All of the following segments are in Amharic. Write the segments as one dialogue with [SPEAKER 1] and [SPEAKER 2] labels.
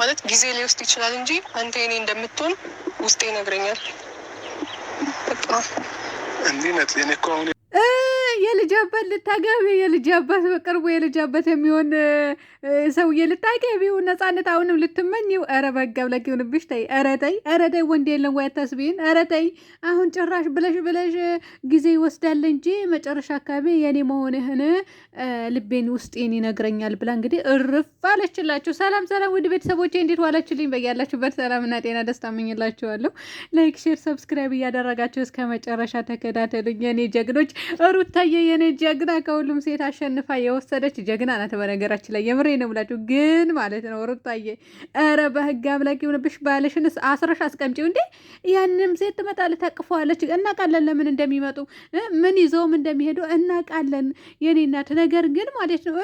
[SPEAKER 1] ማለት ጊዜ ሊወስድ ይችላል እንጂ አንተ የኔ እንደምትሆን ውስጤ ይነግረኛል። በቃ እንዲህ ነት
[SPEAKER 2] አባት ልታገቢ የልጅ አባት በቅርቡ የልጅ አባት የሚሆን ሰውዬ ልታገቢው ነፃነት አሁንም ልትመኝው። ኧረ በጋብ ለክ ይሁንብሽ። ተይ፣ ኧረ ተይ፣ ኧረ ተይ። ወንድ የለም ወይ አታስቢን። ኧረ ተይ፣ አሁን ጭራሽ ብለሽ ብለሽ ጊዜ ይወስዳል እንጂ መጨረሻ አካባቢ የኔ መሆንህን ልቤን ውስጤን ይነግረኛል ብላ እንግዲህ እርፍ አለችላችሁ። ሰላም ሰላም፣ ውድ ቤተሰቦች እንዴት ዋላችሁልኝ? በያላችሁበት ሰላምና ጤና ደስታ እመኝላችኋለሁ። ላይክ፣ ሼር፣ ሰብስክራይብ እያደረጋችሁ እስከ መጨረሻ ተከታተሉኝ የኔ ጀግኖች ሩታዬ የኔ ጀግና ከሁሉም ሴት አሸንፋ የወሰደች ጀግና ናት። በነገራችን ላይ የምሬ ነው ብላችሁ ግን ማለት ነው ሩታዬ፣ ኧረ በህግ አምላክ ይሁንብሽ። ባለሽን አስረሽ አስቀምጪው እንዴ! ያንም ሴት ትመጣለች፣ ታቅፈዋለች። እናቃለን ለምን እንደሚመጡ ምን ይዘውም እንደሚሄዱ እናቃለን፣ የኔ እናት። ነገር ግን ማለት ነው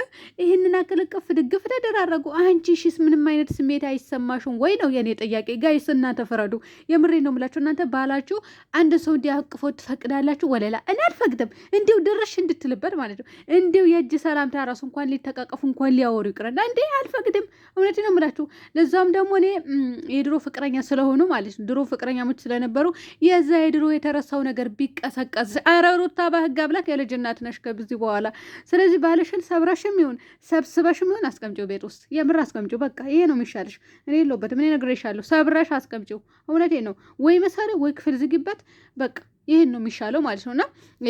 [SPEAKER 2] ይህንን አክል ቅፍ ድግፍ ተደራረጉ። አንቺ ሽስ ምንም አይነት ስሜት አይሰማሽም ወይ ነው የኔ ጥያቄ። ጋይስ እናንተ ፍረዱ። የምሬ ነው ብላችሁ እናንተ ባላችሁ አንድ ሰው እንዲያቅፎ ትፈቅዳላችሁ? ወለላ እኔ አልፈቅድም እንዲሁ ድርሽ እንድ እንድትልበት ማለት ነው። እንዲው የእጅ ሰላምታ ራሱ እንኳን ሊተቃቀፉ እንኳን ሊያወሩ ይቅርና እንዴ አልፈቅድም። እውነት ነው የምላችሁ። ለዛም ደግሞ እኔ የድሮ ፍቅረኛ ስለሆኑ ማለት ነው ድሮ ፍቅረኛሞች ስለነበሩ የዛ የድሮ የተረሳው ነገር ቢቀሰቀስ አረሩታ ሩታ ባህግ አብላክ የልጅ እናት ነሽ ከዚህ በኋላ። ስለዚህ ባልሽን ሰብረሽም ይሁን ሰብስበሽም ይሁን አስቀምጪው ቤት ውስጥ የምር አስቀምጪው። በቃ ይሄ ነው የሚሻልሽ። እኔ የለሁበትም። እኔ ነግሬሻለሁ። ሰብረሽ አስቀምጪው። እውነቴ ነው ወይ መሳሪያ ወይ ክፍል ዝግበት በቃ ይህን ነው የሚሻለው ማለት ነው። እና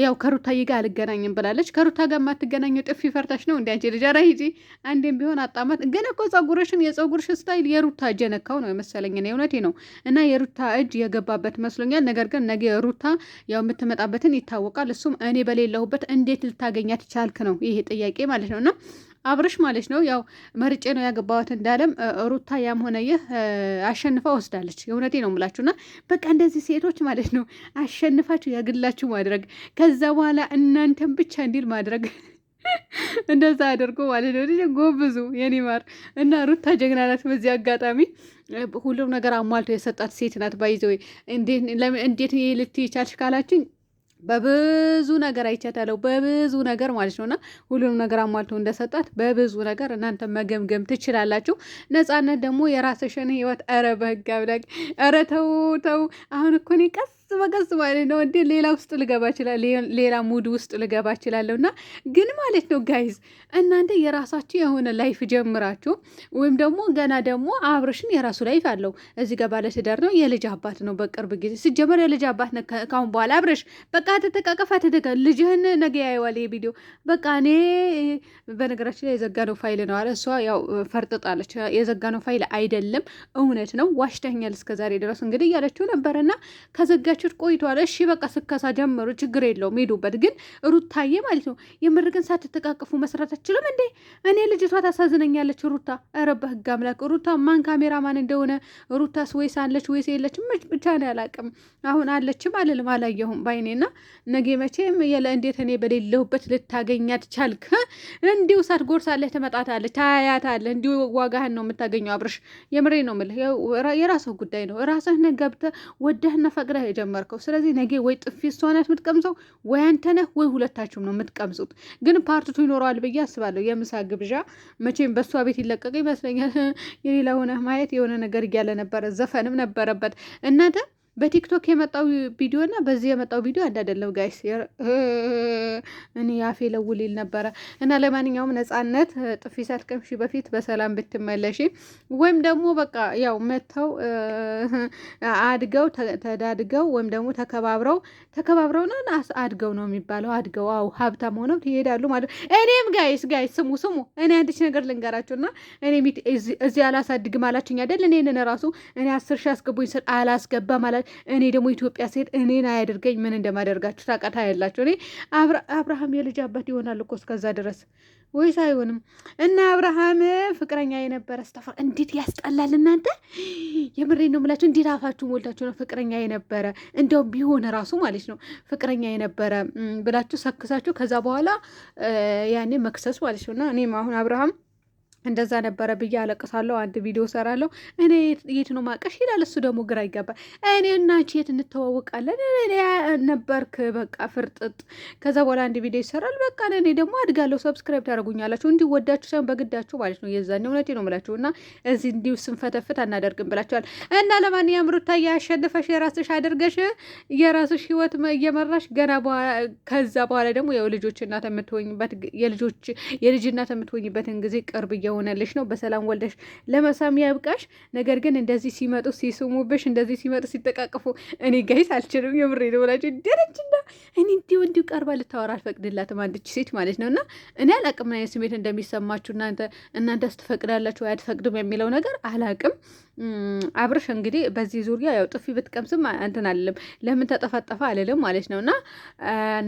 [SPEAKER 2] ያው ከሩታዬ ጋር አልገናኝም ብላለች። ከሩታ ጋር የማትገናኘው ጥፊ ፈርታች ነው እንዲ አንቺ ልጅ ኧረ ሂጂ አንዴም ቢሆን አጣማት። ግን እኮ ጸጉርሽን የጸጉርሽ ስታይል የሩታ እጅ የነካው ነው የመሰለኝ። እውነቴ ነው። እና የሩታ እጅ የገባበት መስሎኛል። ነገር ግን ነገ ሩታ ያው የምትመጣበትን ይታወቃል። እሱም እኔ በሌለሁበት እንዴት ልታገኛት ቻልክ ነው ይሄ ጥያቄ ማለት ነው እና አብርሽ ማለት ነው ያው መርጬ ነው ያገባዋት እንዳለም ሩታ ያም ሆነ ይህ አሸንፋ ወስዳለች። የእውነቴ ነው የምላችሁና በቃ እንደዚህ ሴቶች ማለት ነው አሸንፋችሁ ያግላችሁ ማድረግ ከዛ በኋላ እናንተን ብቻ እንዲል ማድረግ እንደዛ አድርጎ ማለት ነው። ጎብዙ የኔ ማር እና ሩታ ጀግና ናት። በዚህ አጋጣሚ ሁሉም ነገር አሟልቶ የሰጣት ሴት ናት። ባይዘ እንዴት ይህ ልትይ ካላችን በብዙ ነገር አይቻታለሁ። በብዙ ነገር ማለት ነውና ሁሉንም ነገር አሟልቶ እንደሰጣት በብዙ ነገር እናንተ መገምገም ትችላላችሁ። ነጻነት ደግሞ የራስሽን ህይወት ረ በህግ አምላክ ኧረ ተው ተው። አሁን እኮ እኔ ቀስ በቀስ ማለት ነው እንዴ ሌላ ውስጥ ልገባ ይችላል፣ ሌላ ሙድ ውስጥ ልገባ ይችላለሁ። እና ግን ማለት ነው ጋይዝ እናንተ የራሳችሁ የሆነ ላይፍ ጀምራችሁ ወይም ደግሞ ገና ደግሞ አብርሽን የራሱ ላይፍ አለው። እዚህ ጋር ባለትዳር ነው፣ የልጅ አባት ነው። በቅርብ ጊዜ ሲጀመር የልጅ አባት ነው። ካሁን በኋላ አብርሽ በቃ ተተቃቀፋ ተተቀ ልጅህን ነገ ያየዋል ቪዲዮ። በቃ እኔ በነገራችን ላይ የዘጋነው ፋይል ነው አለ እሷ ያው ፈርጥጣለች። የዘጋነው ፋይል አይደለም እውነት ነው ዋሽተኛል እስከዛሬ ድረስ እንግዲህ እያለችው ነበረና ከዘጋ ከጀመራችሁት ቆይቷል። እሺ በቃ ስከሳ ጀመሩ፣ ችግር የለውም ሄዱበት። ግን ሩታዬ ማለት ነው የምር ግን ሳትተቃቅፉ መስራት አችልም እንዴ? እኔ ልጅቷ ታሳዝነኛለች ሩታ። ኧረ በህግ አምላክ ሩታ ማን ካሜራ ማን እንደሆነ ሩታስ ወይስ አለች ወይስ የለችም ብቻ ነው ያላቅም። አሁን አለችም አልልም አላየሁም ባይኔና ነገ መቼም የለ እንዴት እኔ በሌለሁበት ልታገኛት ቻልክ? እንዲሁ ሳት ጎርሳለህ ትመጣታለህ፣ ታያታለህ። እንዲሁ ዋጋህን ነው የምታገኘው። አብርሽ የምሬ ነው የምልህ፣ የራስህ ጉዳይ ነው። ራስህን ገብተህ ወደህና ፈቅደህ የጀመርከው። ስለዚህ ነገ ወይ ጥፊ እሷ ናት የምትቀምሰው፣ ወይ አንተ ነህ፣ ወይ ሁለታችሁም ነው የምትቀምሱት። ግን ፓርቲቱ ይኖረዋል ብዬ አስባለሁ። የምሳ ግብዣ መቼም በእሷ ቤት ይለቀቀ ይመስለኛል። የሌላ ሆነ ማየት የሆነ ነገር እያለ ነበረ፣ ዘፈንም ነበረበት እናንተ በቲክቶክ የመጣው ቪዲዮ እና በዚህ የመጣው ቪዲዮ አንድ አይደለም ጋይስ። እኔ ያፌ ለውሊል ነበረ እና ለማንኛውም ነጻነት ጥፊ ሳልቀምሺ በፊት በሰላም ብትመለሺ ወይም ደግሞ በቃ ያው መተው አድገው ተዳድገው ወይም ደግሞ ተከባብረው ተከባብረው ነው አድገው ነው የሚባለው። አድገው አው ሀብታም ሆነው ይሄዳሉ ማለት እኔም ጋይስ ጋይስ ስሙ ስሙ፣ እኔ አንድች ነገር ልንገራችሁና እኔ እዚህ አላሳድግም አላችሁኝ አይደል? እኔ ራሱ እኔ አስር ሺ አስገቡኝ ስል አላስገባም ማለት እኔ ደግሞ ኢትዮጵያ ስሄድ እኔን አያደርገኝ ምን እንደማደርጋችሁ ታቃታ ያላቸው እኔ አብርሃም የልጅ አባት ይሆናል እኮ እስከዛ ድረስ ወይስ አይሆንም? እና አብርሃም ፍቅረኛ የነበረ ስተፋ እንዴት ያስጠላል እናንተ። የምሬ ነው የምላችሁ። እንዴት አፋችሁ ሞልታችሁ ነው ፍቅረኛ የነበረ እንደው ቢሆን ራሱ ማለት ነው ፍቅረኛ የነበረ ብላችሁ ሰክሳችሁ ከዛ በኋላ ያኔ መክሰስ ማለት ነው። እና እኔም አሁን አብርሃም እንደዛ ነበረ ብዬ አለቅሳለሁ። አንድ ቪዲዮ ሰራለሁ። እኔ የት ነው ማቀሽ ይላል እሱ ደግሞ ግራ ይገባል። እኔ እና አንቺ የት እንተዋወቃለን? እኔ ነበርክ በቃ ፍርጥጥ። ከዛ በኋላ አንድ ቪዲዮ ይሰራል። በቃ እኔ ደግሞ አድጋለሁ። ሰብስክራይብ ታደርጉኛላችሁ እንዲሁ ወዳችሁ ሳይሆን በግዳችሁ ማለት ነው። የዛ እውነቴ ነው የምላችሁ እና እዚህ እንዲሁ ስንፈተፍት አናደርግም ብላችኋል። እና ለማንኛውም ሩታዬ ያሸንፈሽ የራስሽ አድርገሽ የራስሽ ህይወት እየመራሽ ገና ከዛ በኋላ ደግሞ የልጆች እናት የምትሆኝበት የልጆች የልጅ እናት የምትሆኝበትን ጊዜ ቅርብ እየሆ እየሆነልሽ ነው። በሰላም ወልደሽ ለመሳም ያብቃሽ። ነገር ግን እንደዚህ ሲመጡ ሲስሙብሽ፣ እንደዚህ ሲመጡ ሲጠቃቅፉ እኔ ጋይስ አልችልም። የምሬ ነው ብላችሁ ደረጅና እኔ እንዲሁ እንዲሁ ቀርባ ልታወራ አልፈቅድላትም አንድች ሴት ማለት ነው። እና እኔ አላቅም ምን አይነት ስሜት እንደሚሰማችሁ እናንተ እናንተ ስትፈቅዳላችሁ አያትፈቅዱም የሚለው ነገር አላቅም። አብርሽ እንግዲህ በዚህ ዙሪያ ያው ጥፊ ብትቀምስም እንትን አልልም፣ ለምን ተጠፈጠፈ አልልም ማለት ነው እና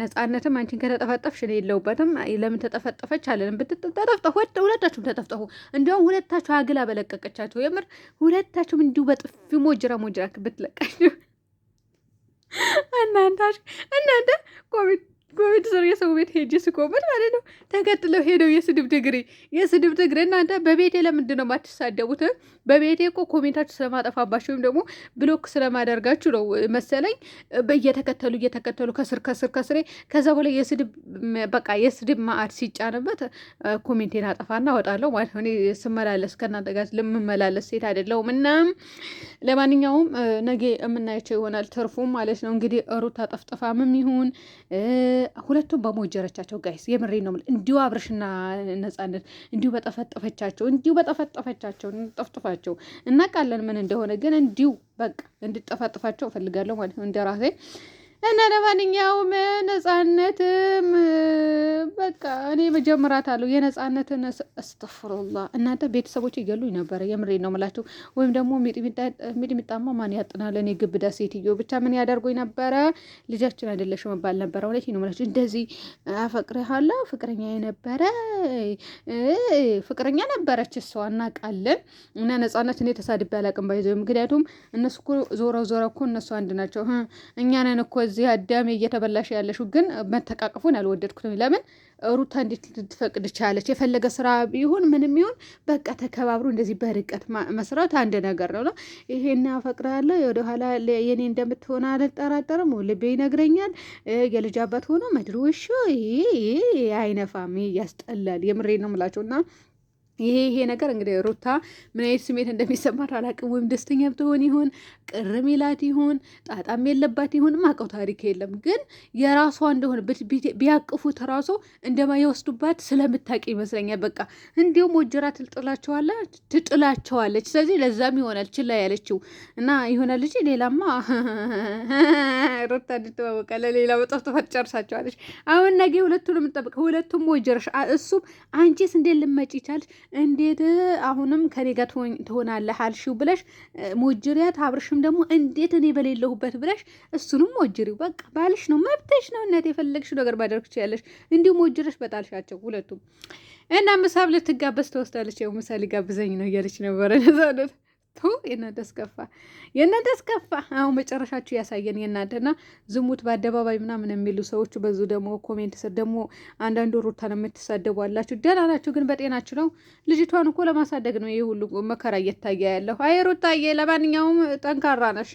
[SPEAKER 2] ነጻነትም አንቺን ከተጠፈጠፍሽ እኔ የለሁበትም። ለምን ተጠፈጠፈች አልልም። ብትጠፈጠፍ ሁለታችሁም ተጠፍጠ ተበጠበጠሁ። እንዲሁም ሁለታችሁ አግላ በለቀቀቻቸው። የምር ሁለታችሁም እንዲሁ በጥፊ ሞጅራ ሞጅራ ብትለቃችሁ እናንተ እናንተ ኮሜንት ስር የሰው ቤት ሄጅ ስኮመት ማለት ነው። ተከትለው ሄደው የስድብ ድግሬ የስድብ ድግሬ እናንተ በቤቴ ለምንድን ነው የማትሳደቡት? በቤቴ እኮ ኮሜንታችሁ ስለማጠፋባችሁ ወይም ደግሞ ብሎክ ስለማደርጋችሁ ነው መሰለኝ። እየተከተሉ እየተከተሉ ከስር ከስር ከስሬ ከዛ በላይ የስድብ በቃ የስድብ ማዕድ ሲጫንበት ኮሜንቴን አጠፋና እወጣለሁ ማለት ነው። እኔ ስመላለስ ከእናንተ ጋር ልምመላለስ ሴት አይደለሁም። እና ለማንኛውም ነገ የምናያቸው ይሆናል ትርፉም ማለት ነው። እንግዲህ ሩታ ጠፍጥፋምም ይሁን ሁለቱም በሞጀረቻቸው ጋይስ የምሬ ነው። እንዲሁ አብርሽና ነፃነት እንዲሁ በጠፈጠፈቻቸው እንዲሁ በጠፈጠፈቻቸው ጠፍጥፋቸው እናቃለን ምን እንደሆነ ግን እንዲሁ በቃ እንድጠፋጥፋቸው እፈልጋለሁ ማለት ነው እንደ ራሴ እና ለማንኛውም ነጻነትም በቃ እኔ መጀመራት እጀምራታለሁ። የነጻነትን እስተፍሩላ እናንተ ቤተሰቦች ይገሉኝ ነበረ። የምሬ ነው የምላቸው። ወይም ደግሞ ሚጥሚጣማ ማን ያጥናል? እኔ ግብዳ ሴትዮ ብቻ ምን ያደርጎኝ ነበረ። ልጃችን አይደለሽ መባል ነበረ። እውነቴን ነው የምላቸው። እንደዚህ አፈቅርሃለሁ፣ ፍቅረኛ የነበረ ፍቅረኛ ነበረች እሷ፣ እናውቃለን። እና ነጻነት እኔ ተሳድቤ አላውቅም ባይዘ። ምክንያቱም እነሱ ዞረው ዞረው እኮ እነሱ አንድ ናቸው። እኛ ነን እኮ በዚህ አዳሜ እየተበላሽ ያለሽው ግን መተቃቀፉን አልወደድኩትም። ለምን ሩታ እንዴት ልትፈቅድ ቻለች? የፈለገ ስራ ቢሆን ምንም ይሁን በቃ ተከባብሮ እንደዚህ በርቀት መስራት አንድ ነገር ነው ነው ይሄን አፈቅራለሁ ወደ ኋላ የኔ እንደምትሆን አልጠራጠርም፣ ልቤ ይነግረኛል። የልጅ አባት ሆኖ መድሮ ይሄ አይነፋም፣ ያስጠላል። የምሬ ነው የምላቸው እና ይሄ ይሄ ነገር እንግዲህ ሩታ ምን አይነት ስሜት እንደሚሰማት አላውቅም። ወይም ደስተኛ ብትሆን ይሁን ቅርም ይላት ይሁን ጣጣም የለባት ይሁን ማቀው ታሪክ የለም። ግን የራሷ እንደሆነ ቢያቅፉት ራሱ እንደማይወስዱባት ስለምታውቅ ይመስለኛል። በቃ እንዲሁም ወጀራ ትጥላቸዋለች ትጥላቸዋለች። ስለዚህ ለዛም ይሆናል ችላ ያለችው እና ይሆናል እንጂ ሌላማ ሩታ እንድትዋወቃ ለሌላ በጠፍጥፋት ጨርሳቸዋለች። አሁን ነገ ሁለቱንም እንጠብቅ። ሁለቱም ወጀረሽ እሱም አንቺስ እንዴት ልመጭ ይቻለች እንዴት አሁንም ከኔ ጋር ትሆናለህ አልሽው ብለሽ ሞጅሪያት። አብርሽም ደግሞ እንዴት እኔ በሌለሁበት ብለሽ እሱንም ሞጅሪው። በቃ ባልሽ ነው መብትሽ ነው እናት፣ የፈለግሽ ነገር ማድረግ ትችያለሽ። እንዲሁ ሞጅረሽ በጣልሻቸው ሁለቱም እና ምሳብ ልትጋበዝ ተወስዳለች። ያው ምሳ ሊጋብዘኝ ነው እያለች ነበረ ነዛነት የእናንተስ ከፋ የእናንተስ ከፋ። አሁን መጨረሻችሁ ያሳየን የእናንተና ዝሙት በአደባባይ ምናምን የሚሉ ሰዎች በዙ ደግሞ ኮሜንት ስር ደግሞ አንዳንዱ ሩታን የምትሳደቡ አላችሁ። ደህና ናችሁ ግን በጤናችሁ ነው? ልጅቷን እኮ ለማሳደግ ነው ይህ ሁሉ መከራ እየታየ ያለሁ። አይ ሩታዬ፣ ለማንኛውም ጠንካራ ነሽ።